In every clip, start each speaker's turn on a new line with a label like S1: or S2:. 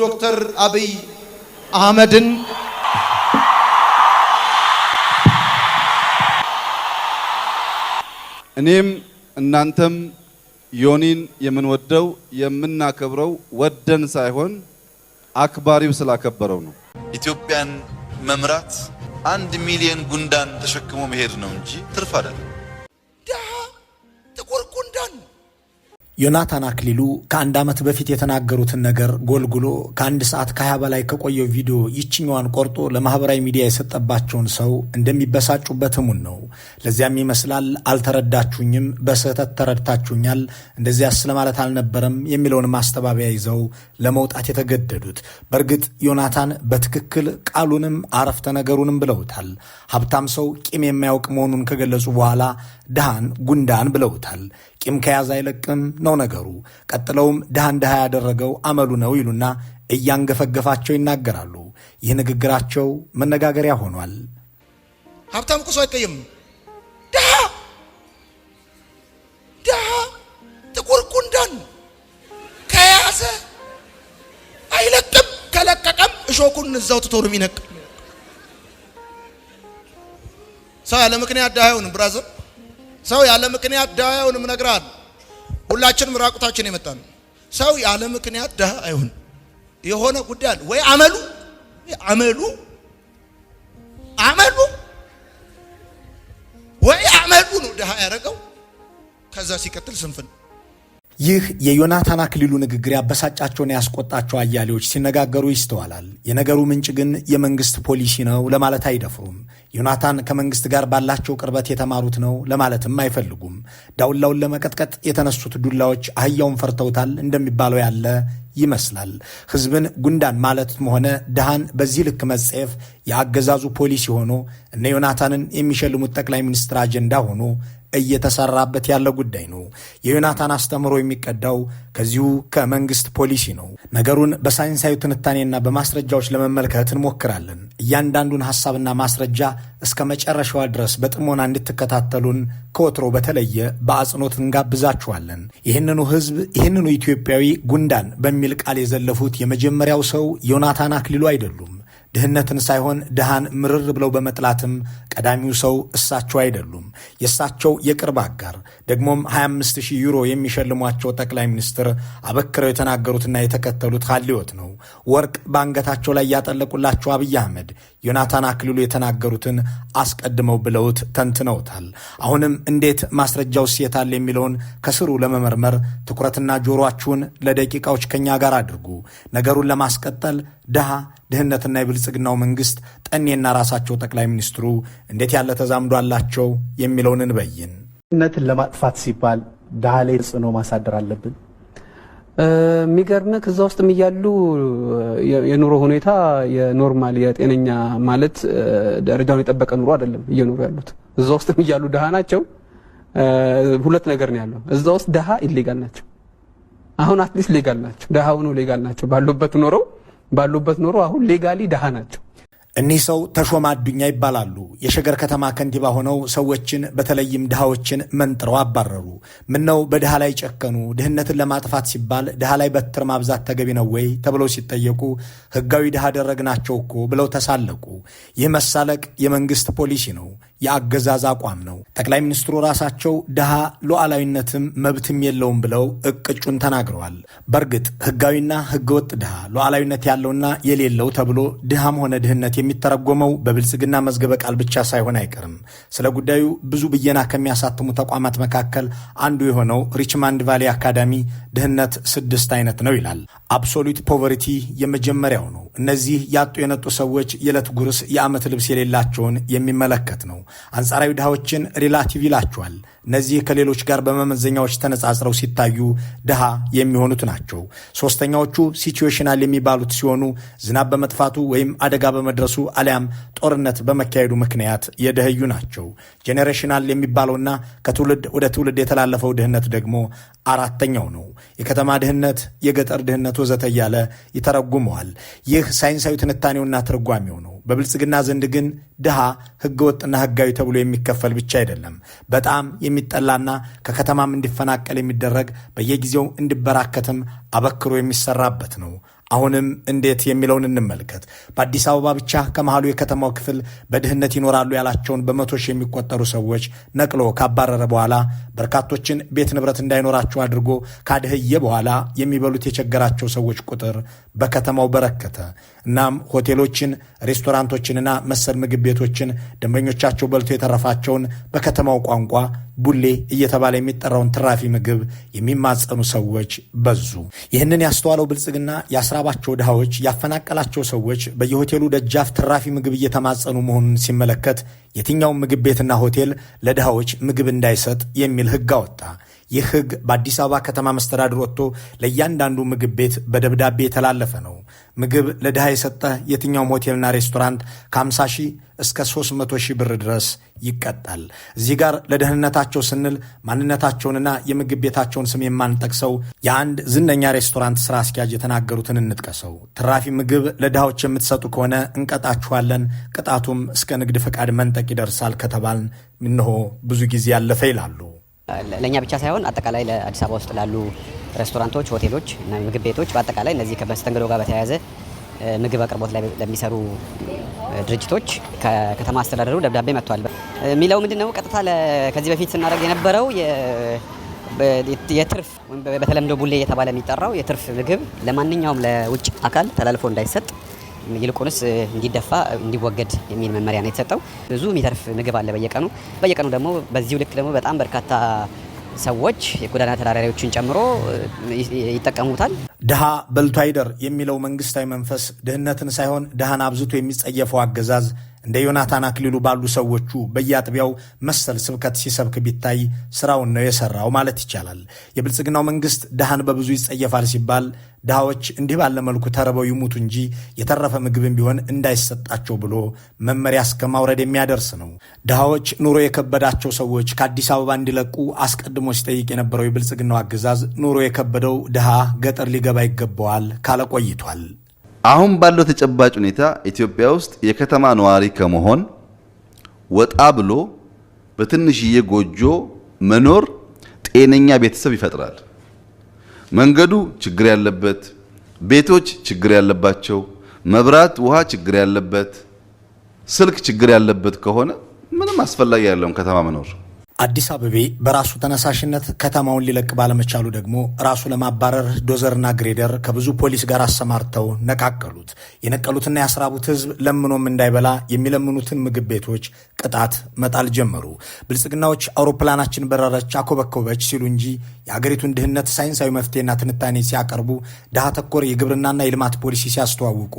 S1: ዶክተር አብይ አህመድን
S2: እኔም እናንተም ዮኒን የምንወደው የምናከብረው ወደን ሳይሆን አክባሪው ስላከበረው ነው።
S1: ኢትዮጵያን መምራት አንድ ሚሊዮን ጉንዳን ተሸክሞ መሄድ ነው እንጂ ትርፍ አይደለም።
S3: ዮናታን አክሊሉ ከአንድ ዓመት በፊት የተናገሩትን ነገር ጎልጉሎ ከአንድ ሰዓት ከሀያ በላይ ከቆየው ቪዲዮ ይችኛዋን ቆርጦ ለማህበራዊ ሚዲያ የሰጠባቸውን ሰው እንደሚበሳጩበት እሙን ነው። ለዚያም ይመስላል አልተረዳችሁኝም፣ በስህተት ተረድታችሁኛል፣ እንደዚያስ ለማለት አልነበረም የሚለውን ማስተባበያ ይዘው ለመውጣት የተገደዱት። በእርግጥ ዮናታን በትክክል ቃሉንም አረፍተ ነገሩንም ብለውታል። ሀብታም ሰው ቂም የማያውቅ መሆኑን ከገለጹ በኋላ ድሃን ጉንዳን ብለውታል። ቂም ከያዝ አይለቅም ነው ነገሩ። ቀጥለውም ድሃ እንድሃ ያደረገው አመሉ ነው ይሉና እያንገፈገፋቸው ይናገራሉ። ይህ ንግግራቸው መነጋገሪያ ሆኗል።
S1: ሀብታም ቁሶ አይቀይም። ድሃ ድሃ ጥቁር ጉንዳን ከያዘ አይለቅም፣ ከለቀቀም እሾኩን እዛው ትቶ ነው የሚነቅ። ሰው ያለ ምክንያት ድሃ አይሆንም ብራዘር ሰው ያለ ምክንያት ድሃ አይሆንም። ነግራል ሁላችንም ራቁታችን የመጣ ሰው ያለ ምክንያት ድሃ አይሆንም። የሆነ ጉዳይ አለ ወይ አመሉ አመሉ አመሉ ወይ አመሉ ነው ድሃ ያደረገው። ከዛ ሲቀጥል ስንፍን
S3: ይህ የዮናታን አክሊሉ ንግግር ያበሳጫቸውን ያስቆጣቸው አያሌዎች ሲነጋገሩ ይስተዋላል። የነገሩ ምንጭ ግን የመንግስት ፖሊሲ ነው ለማለት አይደፍሩም። ዮናታን ከመንግስት ጋር ባላቸው ቅርበት የተማሩት ነው ለማለትም አይፈልጉም። ዳውላውን ለመቀጥቀጥ የተነሱት ዱላዎች አህያውን ፈርተውታል እንደሚባለው ያለ ይመስላል። ህዝብን ጉንዳን ማለት ሆነ ድሃን በዚህ ልክ መጸየፍ የአገዛዙ ፖሊሲ ሆኖ እነ ዮናታንን የሚሸልሙት ጠቅላይ ሚኒስትር አጀንዳ ሆኖ እየተሰራበት ያለ ጉዳይ ነው። የዮናታን አስተምህሮ የሚቀዳው ከዚሁ ከመንግስት ፖሊሲ ነው። ነገሩን በሳይንሳዊ ትንታኔና በማስረጃዎች ለመመልከት እንሞክራለን። እያንዳንዱን ሐሳብና ማስረጃ እስከ መጨረሻዋ ድረስ በጥሞና እንድትከታተሉን ከወትሮ በተለየ በአጽንኦት እንጋብዛችኋለን። ይህንኑ ህዝብ ይህንኑ ኢትዮጵያዊ ጉንዳን በሚል ቃል የዘለፉት የመጀመሪያው ሰው ዮናታን አክሊሉ አይደሉም። ድህነትን ሳይሆን ድሃን ምርር ብለው በመጥላትም ቀዳሚው ሰው እሳቸው አይደሉም፣ የእሳቸው የቅርብ አጋር ደግሞም 25000 ዩሮ የሚሸልሟቸው ጠቅላይ ሚኒስትር አበክረው የተናገሩትና የተከተሉት ሐልዮት ነው። ወርቅ በአንገታቸው ላይ ያጠለቁላቸው አብይ አህመድ ዮናታን አክሊሉ የተናገሩትን አስቀድመው ብለውት ተንትነውታል። አሁንም እንዴት ማስረጃው ስየታል የሚለውን ከስሩ ለመመርመር ትኩረትና ጆሮአችሁን ለደቂቃዎች ከኛ ጋር አድርጉ። ነገሩን ለማስቀጠል ድሃ ድህነትና የብልጽግናው መንግስት ጠኔና ራሳቸው ጠቅላይ ሚኒስትሩ እንዴት ያለ ተዛምዶ አላቸው የሚለውን እንበይን።
S1: ድህነትን ለማጥፋት ሲባል ድሃ ላይ ተጽዕኖ ማሳደር አለብን።
S4: የሚገርምህ እዛ ውስጥም እያሉ የኑሮ ሁኔታ የኖርማል የጤነኛ ማለት ደረጃውን የጠበቀ ኑሮ አይደለም እየኖሩ ያሉት። እዛ ውስጥም እያሉ ድሃ ናቸው። ሁለት ነገር ነው ያለው። እዛ ውስጥ ድሃ ኢሌጋል ናቸው። አሁን አትሊስት ሌጋል ናቸው። ድሃ ሆኖ ሌጋል ናቸው ባሉበት ኖረው ባሉበት ኖሮ አሁን ሌጋሊ ድሃ ናቸው። እኒህ
S3: ሰው ተሾማ አዱኛ ይባላሉ። የሸገር ከተማ ከንቲባ ሆነው ሰዎችን በተለይም ድሃዎችን መንጥረው አባረሩ። ምነው በድሃ ላይ ጨከኑ? ድህነትን ለማጥፋት ሲባል ድሃ ላይ በትር ማብዛት ተገቢ ነው ወይ ተብለው ሲጠየቁ ህጋዊ ድሃ አደረግናቸው እኮ ብለው ተሳለቁ። ይህ መሳለቅ የመንግስት ፖሊሲ ነው፣ የአገዛዝ አቋም ነው። ጠቅላይ ሚኒስትሩ ራሳቸው ድሃ ሉዓላዊነትም መብትም የለውም ብለው እቅጩን ተናግረዋል። በእርግጥ ህጋዊና ህገወጥ ድሃ ሉዓላዊነት ያለውና የሌለው ተብሎ ድሃም ሆነ ድህነት የሚተረጎመው በብልጽግና መዝገበ ቃል ብቻ ሳይሆን አይቀርም። ስለ ጉዳዩ ብዙ ብየና ከሚያሳትሙ ተቋማት መካከል አንዱ የሆነው ሪችማንድ ቫሊ አካዳሚ ድህነት ስድስት አይነት ነው ይላል። አብሶሉት ፖቨርቲ የመጀመሪያው ነው። እነዚህ ያጡ የነጡ ሰዎች የዕለት ጉርስ፣ የዓመት ልብስ የሌላቸውን የሚመለከት ነው። አንጻራዊ ድሃዎችን ሪላቲቭ ይላቸዋል። እነዚህ ከሌሎች ጋር በመመዘኛዎች ተነጻጽረው ሲታዩ ድሃ የሚሆኑት ናቸው። ሶስተኛዎቹ ሲትዌሽናል የሚባሉት ሲሆኑ ዝናብ በመጥፋቱ ወይም አደጋ በመድረሱ አሊያም ጦርነት በመካሄዱ ምክንያት የደህዩ ናቸው። ጄኔሬሽናል የሚባለውና ከትውልድ ወደ ትውልድ የተላለፈው ድህነት ደግሞ አራተኛው ነው። የከተማ ድህነት፣ የገጠር ድህነት ወዘተ እያለ ይተረጉመዋል። ይህ ሳይንሳዊ ትንታኔውና ትርጓሜው ነው። በብልጽግና ዘንድ ግን ድሃ ህገወጥና ህጋዊ ተብሎ የሚከፈል ብቻ አይደለም፣ በጣም የሚጠላና ከከተማም እንዲፈናቀል የሚደረግ በየጊዜው እንዲበራከትም አበክሮ የሚሰራበት ነው። አሁንም እንዴት የሚለውን እንመልከት። በአዲስ አበባ ብቻ ከመሃሉ የከተማው ክፍል በድህነት ይኖራሉ ያላቸውን በመቶ ሺህ የሚቆጠሩ ሰዎች ነቅሎ ካባረረ በኋላ በርካቶችን ቤት ንብረት እንዳይኖራቸው አድርጎ ካደህየ በኋላ የሚበሉት የቸገራቸው ሰዎች ቁጥር በከተማው በረከተ። እናም ሆቴሎችን፣ ሬስቶራንቶችንና መሰል ምግብ ቤቶችን ደንበኞቻቸው በልቶ የተረፋቸውን በከተማው ቋንቋ ቡሌ እየተባለ የሚጠራውን ትራፊ ምግብ የሚማጸኑ ሰዎች በዙ። ይህንን ያስተዋለው ብልጽግና ያስራባቸው ድሃዎች፣ ያፈናቀላቸው ሰዎች በየሆቴሉ ደጃፍ ትራፊ ምግብ እየተማጸኑ መሆኑን ሲመለከት የትኛውም ምግብ ቤትና ሆቴል ለድሃዎች ምግብ እንዳይሰጥ የሚል ሕግ አወጣ። ይህ ህግ በአዲስ አበባ ከተማ መስተዳድር ወጥቶ ለእያንዳንዱ ምግብ ቤት በደብዳቤ የተላለፈ ነው። ምግብ ለድሃ የሰጠ የትኛውም ሆቴልና ሬስቶራንት ከ50 ሺህ እስከ 300 ሺህ ብር ድረስ ይቀጣል። እዚህ ጋር ለደህንነታቸው ስንል ማንነታቸውንና የምግብ ቤታቸውን ስም የማንጠቅሰው የአንድ ዝነኛ ሬስቶራንት ስራ አስኪያጅ የተናገሩትን እንጥቀሰው። ትራፊ ምግብ ለድሃዎች የምትሰጡ ከሆነ እንቀጣችኋለን፣ ቅጣቱም እስከ ንግድ ፈቃድ መንጠቅ ይደርሳል ከተባልን እንሆ ብዙ ጊዜ ያለፈ ይላሉ። ለእኛ ብቻ
S5: ሳይሆን አጠቃላይ ለአዲስ አበባ ውስጥ ላሉ ሬስቶራንቶች፣ ሆቴሎች እና ምግብ ቤቶች በአጠቃላይ እነዚህ ከመስተንግዶ ጋር በተያያዘ ምግብ አቅርቦት ላይ ለሚሰሩ ድርጅቶች ከከተማ አስተዳደሩ ደብዳቤ መጥቷል። የሚለው ምንድን ነው? ቀጥታ ከዚህ በፊት ስናደርግ የነበረው የትርፍ በተለምዶ ቡሌ እየተባለ የሚጠራው የትርፍ ምግብ ለማንኛውም ለውጭ አካል ተላልፎ እንዳይሰጥ ይልቁንስ እንዲደፋ እንዲወገድ የሚል መመሪያ ነው የተሰጠው። ብዙ የሚተርፍ ምግብ አለ በየቀኑ በየቀኑ ደግሞ በዚሁ ልክ ደግሞ በጣም በርካታ ሰዎች የጎዳና ተዳዳሪዎችን ጨምሮ ይጠቀሙታል። ድሃ
S3: በልቶ አይደር የሚለው መንግስታዊ መንፈስ ድህነትን ሳይሆን ድሃን አብዝቶ የሚጸየፈው አገዛዝ እንደ ዮናታን አክሊሉ ባሉ ሰዎቹ በየአጥቢያው መሰል ስብከት ሲሰብክ ቢታይ ስራውን ነው የሰራው ማለት ይቻላል። የብልጽግናው መንግስት ድሃን በብዙ ይጸየፋል ሲባል ድሃዎች እንዲህ ባለ መልኩ ተርበው ይሙቱ እንጂ የተረፈ ምግብም ቢሆን እንዳይሰጣቸው ብሎ መመሪያ እስከ ማውረድ የሚያደርስ ነው። ድሃዎች ኑሮ የከበዳቸው ሰዎች ከአዲስ አበባ እንዲለቁ አስቀድሞ ሲጠይቅ የነበረው የብልጽግናው አገዛዝ ኑሮ የከበደው ድሃ ገጠር ሊገባ ይገባዋል ካለ ቆይቷል።
S1: አሁን ባለው ተጨባጭ ሁኔታ ኢትዮጵያ ውስጥ የከተማ ነዋሪ ከመሆን ወጣ ብሎ በትንሽዬ ጎጆ መኖር ጤነኛ ቤተሰብ ይፈጥራል። መንገዱ ችግር ያለበት፣ ቤቶች ችግር ያለባቸው፣ መብራት ውሃ ችግር ያለበት፣ ስልክ ችግር ያለበት ከሆነ ምንም አስፈላጊ ያለውም ከተማ መኖር
S3: አዲስ አበቤ በራሱ ተነሳሽነት ከተማውን ሊለቅ ባለመቻሉ ደግሞ ራሱ ለማባረር ዶዘርና ግሬደር ከብዙ ፖሊስ ጋር አሰማርተው ነቃቀሉት። የነቀሉትና ያስራቡት ህዝብ ለምኖም እንዳይበላ የሚለምኑትን ምግብ ቤቶች ቅጣት መጣል ጀመሩ። ብልጽግናዎች አውሮፕላናችን በረረች፣ አኮበኮበች ሲሉ እንጂ የአገሪቱን ድህነት ሳይንሳዊ መፍትሄና ትንታኔ ሲያቀርቡ፣ ድሃ ተኮር የግብርናና የልማት ፖሊሲ ሲያስተዋውቁ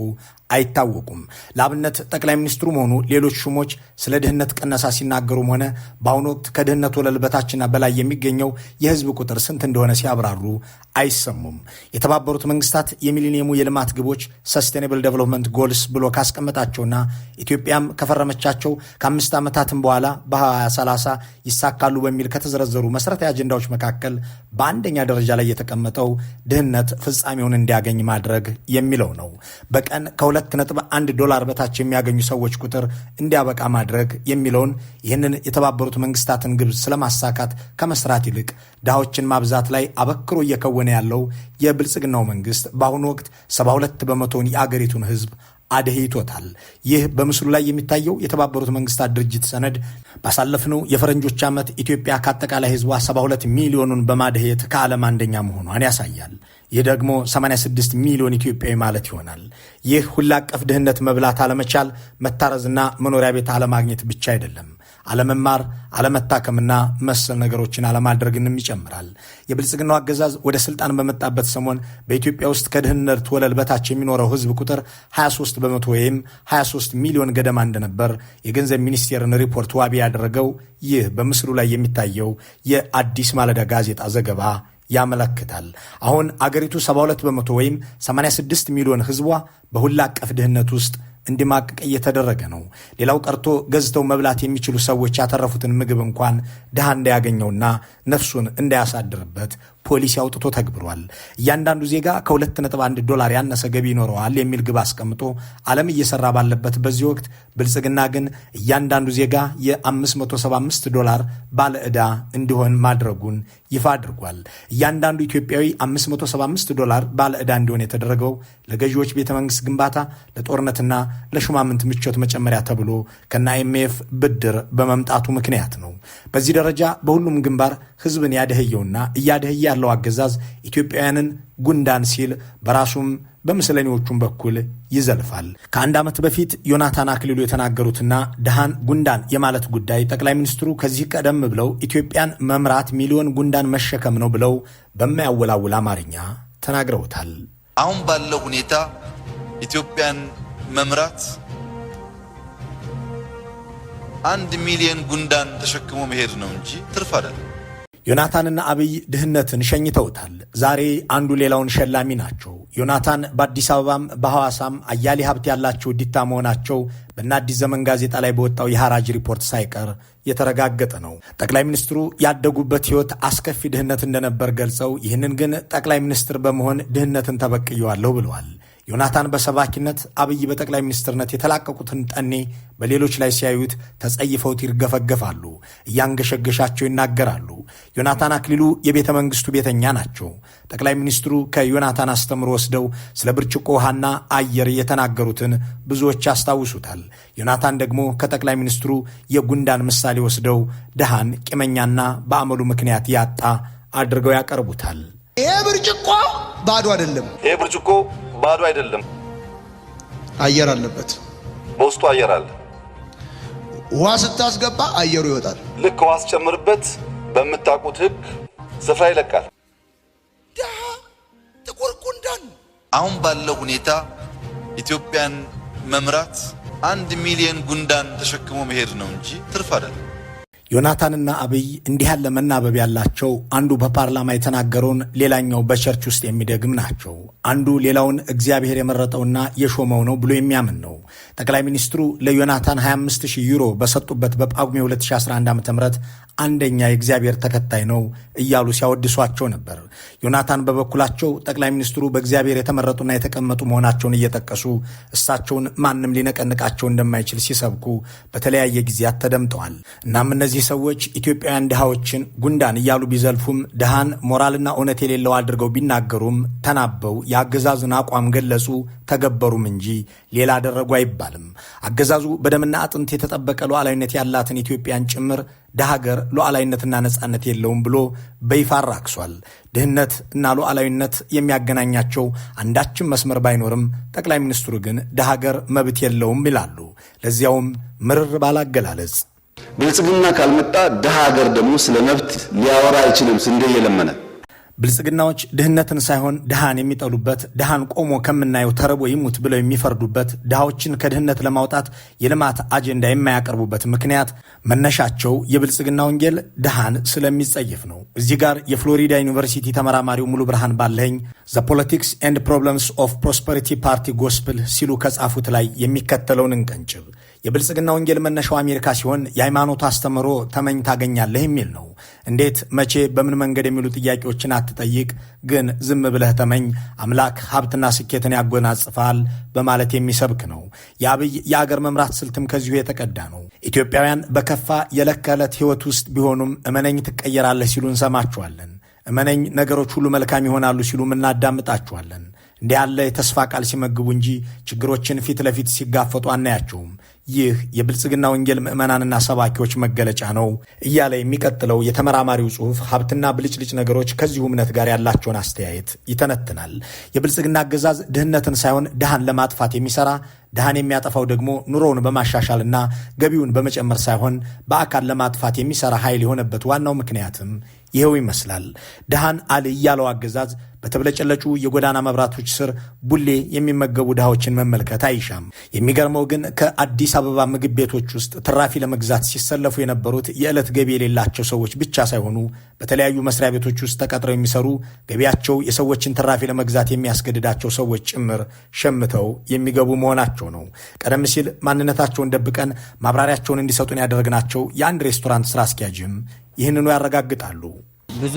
S3: አይታወቁም። ለአብነት ጠቅላይ ሚኒስትሩም ሆኑ ሌሎች ሹሞች ስለ ድህነት ቅነሳ ሲናገሩም ሆነ በአሁኑ ወቅት ከድህነት ወለል በታችና በላይ የሚገኘው የህዝብ ቁጥር ስንት እንደሆነ ሲያብራሩ አይሰሙም። የተባበሩት መንግስታት የሚሊኒየሙ የልማት ግቦች ሰስቴኔብል ዴቨሎፕመንት ጎልስ ብሎ ካስቀመጣቸውና ኢትዮጵያም ከፈረመቻቸው ከአምስት ዓመታትም በኋላ በ2030 ይሳካሉ በሚል ከተዘረዘሩ መሠረታዊ አጀንዳዎች መካከል በአንደኛ ደረጃ ላይ የተቀመጠው ድህነት ፍጻሜውን እንዲያገኝ ማድረግ የሚለው ነው። በቀን ከ 21 ዶላር በታች የሚያገኙ ሰዎች ቁጥር እንዲያበቃ ማድረግ የሚለውን ይህንን የተባበሩት መንግስታትን ግብ ስለማሳካት ከመስራት ይልቅ ድሃዎችን ማብዛት ላይ አበክሮ እየከወነ ያለው የብልጽግናው መንግስት በአሁኑ ወቅት 72 በመቶውን የአገሪቱን ህዝብ አደህይቶታል። ይህ በምስሉ ላይ የሚታየው የተባበሩት መንግስታት ድርጅት ሰነድ ባሳለፍነው የፈረንጆች ዓመት ኢትዮጵያ ከአጠቃላይ ህዝቧ 72 ሚሊዮኑን በማደህየት ከዓለም አንደኛ መሆኗን ያሳያል። ይህ ደግሞ 86 ሚሊዮን ኢትዮጵያዊ ማለት ይሆናል። ይህ ሁላ ቀፍ ድህነት መብላት አለመቻል፣ መታረዝና መኖሪያ ቤት አለማግኘት ብቻ አይደለም። አለመማር፣ አለመታከምና መሰል ነገሮችን አለማድረግንም ይጨምራል። የብልጽግናው አገዛዝ ወደ ስልጣን በመጣበት ሰሞን በኢትዮጵያ ውስጥ ከድህነት ወለል በታች የሚኖረው ህዝብ ቁጥር 23 በመቶ ወይም 23 ሚሊዮን ገደማ እንደነበር የገንዘብ ሚኒስቴርን ሪፖርት ዋቢ ያደረገው ይህ በምስሉ ላይ የሚታየው የአዲስ ማለዳ ጋዜጣ ዘገባ ያመለክታል። አሁን አገሪቱ 72 በመቶ ወይም 86 ሚሊዮን ህዝቧ በሁላ አቀፍ ድህነት ውስጥ እንዲማቅቅ እየተደረገ ነው። ሌላው ቀርቶ ገዝተው መብላት የሚችሉ ሰዎች ያተረፉትን ምግብ እንኳን ድሃ እንዳያገኘውና ነፍሱን እንዳያሳድርበት ፖሊሲ አውጥቶ ተግብሯል። እያንዳንዱ ዜጋ ከ2.1 ዶላር ያነሰ ገቢ ይኖረዋል የሚል ግብ አስቀምጦ ዓለም እየሰራ ባለበት በዚህ ወቅት ብልጽግና ግን እያንዳንዱ ዜጋ የ575 ዶላር ባለዕዳ እንዲሆን ማድረጉን ይፋ አድርጓል። እያንዳንዱ ኢትዮጵያዊ 575 ዶላር ባለዕዳ እንዲሆን የተደረገው ለገዢዎች ቤተ ግንባታ፣ ለጦርነትና ለሹማምንት ምቾት መጨመሪያ ተብሎ ከነ አይኤምኤፍ ብድር በመምጣቱ ምክንያት ነው። በዚህ ደረጃ በሁሉም ግንባር ህዝብን ያደህየውና እያደህየ ያለው አገዛዝ ኢትዮጵያውያንን ጉንዳን ሲል በራሱም በምስለኔዎቹም በኩል ይዘልፋል። ከአንድ ዓመት በፊት ዮናታን አክሊሉ የተናገሩትና ድሃን ጉንዳን የማለት ጉዳይ ጠቅላይ ሚኒስትሩ ከዚህ ቀደም ብለው ኢትዮጵያን መምራት ሚሊዮን ጉንዳን መሸከም ነው ብለው በማያወላውል አማርኛ ተናግረውታል። አሁን ባለው ሁኔታ
S1: ኢትዮጵያን መምራት አንድ ሚሊዮን ጉንዳን ተሸክሞ መሄድ ነው እንጂ ትርፍ አይደለም። ዮናታንና አብይ ድህነትን ሸኝተውታል። ዛሬ አንዱ ሌላውን ሸላሚ ናቸው። ዮናታን በአዲስ አበባም በሐዋሳም አያሌ ሀብት ያላቸው ዲታ መሆናቸው በእነ አዲስ ዘመን ጋዜጣ ላይ በወጣው የሐራጅ ሪፖርት ሳይቀር የተረጋገጠ ነው። ጠቅላይ ሚኒስትሩ ያደጉበት ሕይወት አስከፊ ድህነት እንደነበር ገልጸው ይህንን ግን ጠቅላይ ሚኒስትር በመሆን ድህነትን ተበቅየዋለሁ ብለዋል። ዮናታን በሰባኪነት አብይ በጠቅላይ ሚኒስትርነት የተላቀቁትን ጠኔ በሌሎች ላይ ሲያዩት ተጸይፈውት ይርገፈገፋሉ፣ እያንገሸገሻቸው ይናገራሉ። ዮናታን አክሊሉ የቤተ መንግስቱ ቤተኛ ናቸው። ጠቅላይ ሚኒስትሩ ከዮናታን አስተምሮ ወስደው ስለ ብርጭቆ ውሃና አየር የተናገሩትን ብዙዎች ያስታውሱታል። ዮናታን ደግሞ ከጠቅላይ ሚኒስትሩ የጉንዳን ምሳሌ ወስደው ድሃን ቂመኛና በአመሉ ምክንያት ያጣ አድርገው ያቀርቡታል። ይህ ብርጭቆ ባዶ አይደለም። ይህ ብርጭቆ ባዶ አይደለም፣ አየር አለበት። በውስጡ አየር አለ። ውሃ ስታስገባ አየሩ ይወጣል። ልክ ውሃ ስጨምርበት በምታውቁት ህግ ስፍራ ይለቃል። ድሃ ጥቁር ጉንዳን። አሁን ባለው ሁኔታ ኢትዮጵያን መምራት አንድ ሚሊዮን ጉንዳን ተሸክሞ መሄድ ነው እንጂ ትርፍ አይደለም። ዮናታንና አብይ እንዲህ ያለ መናበብ ያላቸው አንዱ በፓርላማ የተናገረውን ሌላኛው በቸርች ውስጥ የሚደግም ናቸው። አንዱ ሌላውን እግዚአብሔር የመረጠውና የሾመው ነው ብሎ የሚያምን ነው። ጠቅላይ ሚኒስትሩ ለዮናታን 25000 ዩሮ በሰጡበት በጳጉሜ 2011 ም አንደኛ የእግዚአብሔር ተከታይ ነው እያሉ ሲያወድሷቸው ነበር። ዮናታን በበኩላቸው ጠቅላይ ሚኒስትሩ በእግዚአብሔር የተመረጡና የተቀመጡ መሆናቸውን እየጠቀሱ እሳቸውን ማንም ሊነቀንቃቸው እንደማይችል ሲሰብኩ በተለያየ ጊዜያት ተደምጠዋል። እናም እነዚህ እነዚህ ሰዎች ኢትዮጵያውያን ድሃዎችን ጉንዳን እያሉ ቢዘልፉም ድሃን ሞራልና እውነት የሌለው አድርገው ቢናገሩም ተናበው የአገዛዝን አቋም ገለጹ፣ ተገበሩም እንጂ ሌላ አደረጉ አይባልም። አገዛዙ በደምና አጥንት የተጠበቀ ሉዓላዊነት ያላትን ኢትዮጵያን ጭምር ደሀገር ሉዓላዊነትና ነጻነት የለውም ብሎ በይፋ አራክሷል። ድህነት እና ሉዓላዊነት የሚያገናኛቸው አንዳችም መስመር ባይኖርም ጠቅላይ ሚኒስትሩ ግን ደሀገር መብት የለውም ይላሉ። ለዚያውም ምርር ባላገላለጽ ብልጽግና ካልመጣ ድሃ ሀገር ደግሞ ስለ መብት ሊያወራ አይችልም። ስንዴ እየለመነ ብልጽግናዎች ድህነትን ሳይሆን ድሃን የሚጠሉበት ድሃን ቆሞ ከምናየው ተርቦ ይሙት ብለው የሚፈርዱበት ድሃዎችን ከድህነት ለማውጣት የልማት አጀንዳ የማያቀርቡበት ምክንያት መነሻቸው የብልጽግና ወንጌል ድሃን ስለሚጸየፍ ነው። እዚህ ጋር የፍሎሪዳ ዩኒቨርሲቲ ተመራማሪው ሙሉ ብርሃን ባለኝ ዘ ፖለቲክስ ኤንድ ፕሮብለምስ ኦፍ ፕሮስፐሪቲ ፓርቲ ጎስፕል ሲሉ ከጻፉት ላይ የሚከተለውን እንቀንጭብ የብልጽግና ወንጌል መነሻው አሜሪካ ሲሆን የሃይማኖት አስተምሮ ተመኝ ታገኛለህ የሚል ነው። እንዴት፣ መቼ፣ በምን መንገድ የሚሉ ጥያቄዎችን አትጠይቅ፣ ግን ዝም ብለህ ተመኝ፣ አምላክ ሀብትና ስኬትን ያጎናጽፋል በማለት የሚሰብክ ነው። የአብይ የአገር መምራት ስልትም ከዚሁ የተቀዳ ነው። ኢትዮጵያውያን በከፋ የዕለት ከዕለት ሕይወት ውስጥ ቢሆኑም እመነኝ ትቀየራለህ ሲሉ እንሰማቸዋለን። እመነኝ ነገሮች ሁሉ መልካም ይሆናሉ ሲሉም እናዳምጣቸዋለን። እንዲህ ያለ የተስፋ ቃል ሲመግቡ እንጂ ችግሮችን ፊት ለፊት ሲጋፈጡ አናያቸውም። ይህ የብልጽግና ወንጌል ምዕመናንና ሰባኪዎች መገለጫ ነው እያለ የሚቀጥለው የተመራማሪው ጽሑፍ ሀብትና ብልጭልጭ ነገሮች ከዚሁ እምነት ጋር ያላቸውን አስተያየት ይተነትናል። የብልጽግና አገዛዝ ድህነትን ሳይሆን ድሃን ለማጥፋት የሚሰራ ድሃን የሚያጠፋው ደግሞ ኑሮውን በማሻሻልና ገቢውን በመጨመር ሳይሆን በአካል ለማጥፋት የሚሰራ ኃይል የሆነበት ዋናው ምክንያትም ይኸው ይመስላል ድሃን አሊ ያለው አገዛዝ በተብለጨለጩ የጎዳና መብራቶች ስር ቡሌ የሚመገቡ ድሃዎችን መመልከት አይሻም። የሚገርመው ግን ከአዲስ አበባ ምግብ ቤቶች ውስጥ ትራፊ ለመግዛት ሲሰለፉ የነበሩት የዕለት ገቢ የሌላቸው ሰዎች ብቻ ሳይሆኑ በተለያዩ መስሪያ ቤቶች ውስጥ ተቀጥረው የሚሰሩ ገቢያቸው የሰዎችን ትራፊ ለመግዛት የሚያስገድዳቸው ሰዎች ጭምር ሸምተው የሚገቡ መሆናቸው ነው። ቀደም ሲል ማንነታቸውን ደብቀን ማብራሪያቸውን እንዲሰጡን ያደረግናቸው የአንድ ሬስቶራንት ስራ አስኪያጅም ይህንኑ ያረጋግጣሉ። ብዙ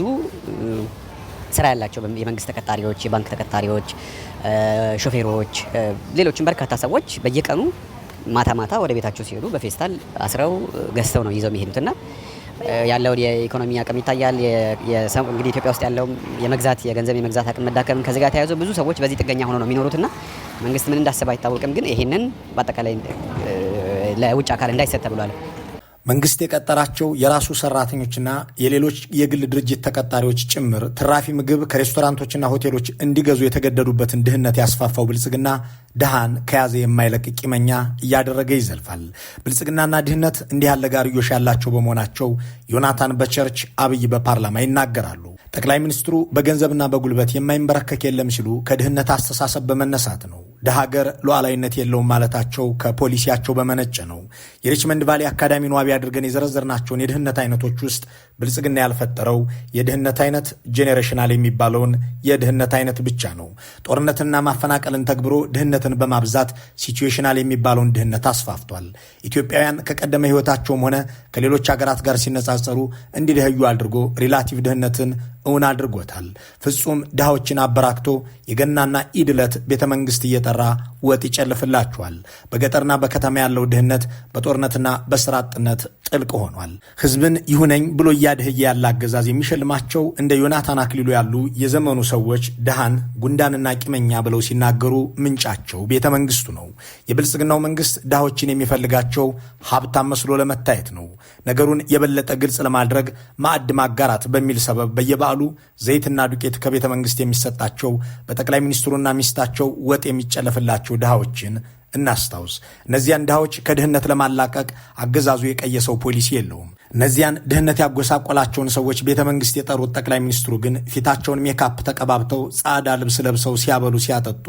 S1: ስራ ያላቸው የመንግስት ተቀጣሪዎች፣ የባንክ ተቀጣሪዎች፣ ሾፌሮች፣ ሌሎችም በርካታ ሰዎች በየቀኑ ማታ ማታ ወደ ቤታቸው ሲሄዱ በፌስታል አስረው ገዝተው ነው ይዘው የሚሄዱትና ያለውን የኢኮኖሚ አቅም ይታያል። እንግዲህ ኢትዮጵያ ውስጥ ያለው የመግዛት የገንዘብ የመግዛት አቅም መዳከም ከዚህ ጋር ተያይዞ ብዙ ሰዎች በዚህ ጥገኛ ሆኖ ነው የሚኖሩትና መንግስት ምን እንዳሰበ አይታወቅም። ግን ይህንን በአጠቃላይ ለውጭ አካል እንዳይሰጥ ተብሏል። መንግስት የቀጠራቸው የራሱ ሰራተኞችና የሌሎች የግል ድርጅት ተቀጣሪዎች ጭምር ትራፊ ምግብ ከሬስቶራንቶችና ሆቴሎች እንዲገዙ የተገደዱበትን ድህነት ያስፋፋው ብልጽግና ድሃን ከያዘ የማይለቅ ቂመኛ እያደረገ ይዘልፋል። ብልጽግናና ድህነት እንዲህ ያለ ጋርዮሽ ያላቸው በመሆናቸው ዮናታን በቸርች አብይ በፓርላማ ይናገራሉ። ጠቅላይ ሚኒስትሩ በገንዘብና በጉልበት የማይንበረከክ የለም ሲሉ ከድህነት አስተሳሰብ በመነሳት ነው ደሀገር ሉዓላዊነት የለውም ማለታቸው ከፖሊሲያቸው በመነጨ ነው። የሪችመንድ ቫሌ አካዳሚን ዋቢ አድርገን የዘረዘርናቸውን የድህነት አይነቶች ውስጥ ብልጽግና ያልፈጠረው የድህነት አይነት ጄኔሬሽናል የሚባለውን የድህነት አይነት ብቻ ነው። ጦርነትና ማፈናቀልን ተግብሮ ድህነትን በማብዛት ሲትዌሽናል የሚባለውን ድህነት አስፋፍቷል። ኢትዮጵያውያን ከቀደመ ሕይወታቸውም ሆነ ከሌሎች ሀገራት ጋር ሲነጻጸሩ እንዲደህዩ አድርጎ ሪላቲቭ ድህነትን እውን አድርጎታል። ፍጹም ድሃዎችን አበራክቶ የገናና ኢድ ዕለት ቤተ መንግሥት እየጠራ ወጥ ይጨልፍላችኋል። በገጠርና በከተማ ያለው ድህነት በጦርነትና በስራ አጥነት ጥልቅ ሆኗል። ህዝብን ይሁነኝ ብሎ እያድህየ ያለ አገዛዝ የሚሸልማቸው እንደ ዮናታን አክሊሉ ያሉ የዘመኑ ሰዎች ድሃን ጉንዳንና ቂመኛ ብለው ሲናገሩ ምንጫቸው ቤተ መንግሥቱ ነው። የብልጽግናው መንግሥት ድሃዎችን የሚፈልጋቸው ሀብታም መስሎ ለመታየት ነው። ነገሩን የበለጠ ግልጽ ለማድረግ ማዕድ ማጋራት በሚል ሰበብ በየበ ለበዓሉ ዘይትና ዱቄት ከቤተ መንግስት የሚሰጣቸው በጠቅላይ ሚኒስትሩና ሚስታቸው ወጥ የሚጨለፍላቸው ድሃዎችን እናስታውስ። እነዚያን ድሃዎች ከድህነት ለማላቀቅ አገዛዙ የቀየሰው ፖሊሲ የለውም። እነዚያን ድህነት ያጎሳቆላቸውን ሰዎች ቤተ መንግስት የጠሩት ጠቅላይ ሚኒስትሩ ግን ፊታቸውን ሜካፕ ተቀባብተው ጻዳ ልብስ ለብሰው ሲያበሉ ሲያጠጡ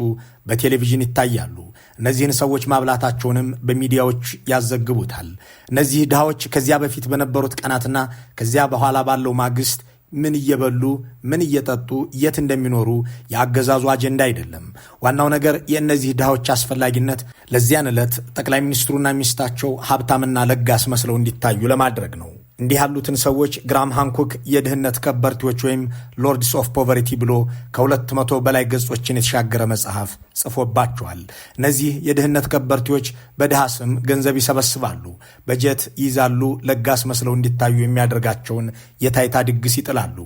S1: በቴሌቪዥን ይታያሉ። እነዚህን ሰዎች ማብላታቸውንም በሚዲያዎች ያዘግቡታል። እነዚህ ድሃዎች ከዚያ በፊት በነበሩት ቀናትና ከዚያ በኋላ ባለው ማግስት ምን እየበሉ ምን እየጠጡ የት እንደሚኖሩ የአገዛዙ አጀንዳ አይደለም። ዋናው ነገር የእነዚህ ድሃዎች አስፈላጊነት ለዚያን ዕለት ጠቅላይ ሚኒስትሩና ሚስታቸው ሀብታምና ለጋስ መስለው እንዲታዩ ለማድረግ ነው። እንዲህ ያሉትን ሰዎች ግራም ሃንኮክ የድህነት ከበርቲዎች ወይም ሎርድስ ኦፍ ፖቨርቲ ብሎ ከሁለት መቶ በላይ ገጾችን የተሻገረ መጽሐፍ ጽፎባቸዋል። እነዚህ የድህነት ከበርቲዎች በድሃ ስም ገንዘብ ይሰበስባሉ፣ በጀት ይይዛሉ፣ ለጋስ መስለው እንዲታዩ የሚያደርጋቸውን የታይታ ድግስ ይጥላሉ።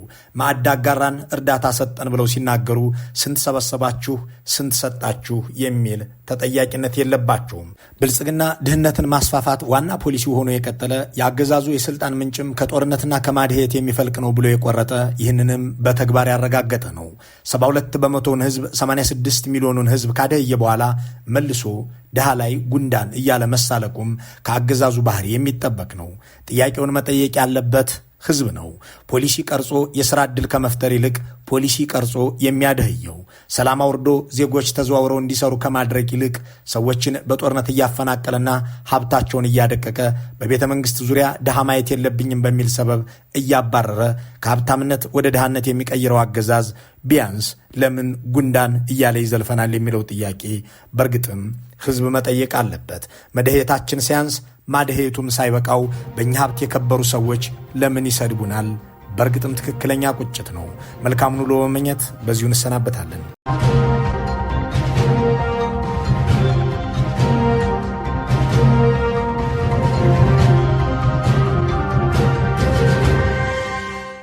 S1: ማዕድ አጋራን፣ እርዳታ ሰጠን ብለው ሲናገሩ ስንት ሰበሰባችሁ፣ ስንት ሰጣችሁ የሚል ተጠያቂነት የለባቸውም። ብልጽግና ድህነትን ማስፋፋት ዋና ፖሊሲ ሆኖ የቀጠለ የአገዛዙ የስልጣን ምንጭም ከጦርነትና ከማድሄት የሚፈልቅ ነው ብሎ የቆረጠ ይህንንም በተግባር ያረጋገጠ ነው። 72 በመቶውን ህዝብ 86 ሚሊዮኑን ህዝብ ካደየ በኋላ መልሶ ድሃ ላይ ጉንዳን እያለ መሳለቁም ከአገዛዙ ባህሪ የሚጠበቅ ነው። ጥያቄውን መጠየቅ ያለበት ህዝብ ነው። ፖሊሲ ቀርጾ የሥራ ዕድል ከመፍጠር ይልቅ ፖሊሲ ቀርጾ የሚያደህየው ሰላም አውርዶ ዜጎች ተዘዋውረው እንዲሰሩ ከማድረግ ይልቅ ሰዎችን በጦርነት እያፈናቀለና ሀብታቸውን እያደቀቀ በቤተ መንግሥት ዙሪያ ድሃ ማየት የለብኝም በሚል ሰበብ እያባረረ ከሀብታምነት ወደ ድሃነት የሚቀይረው አገዛዝ ቢያንስ ለምን ጉንዳን እያለ ይዘልፈናል የሚለው ጥያቄ በእርግጥም ህዝብ መጠየቅ አለበት። መደሄታችን ሲያንስ ማድሄቱም ሳይበቃው በእኛ ሀብት የከበሩ ሰዎች ለምን ይሰድቡናል? በእርግጥም ትክክለኛ ቁጭት ነው። መልካሙን ውሎ በመመኘት በዚሁ እንሰናበታለን።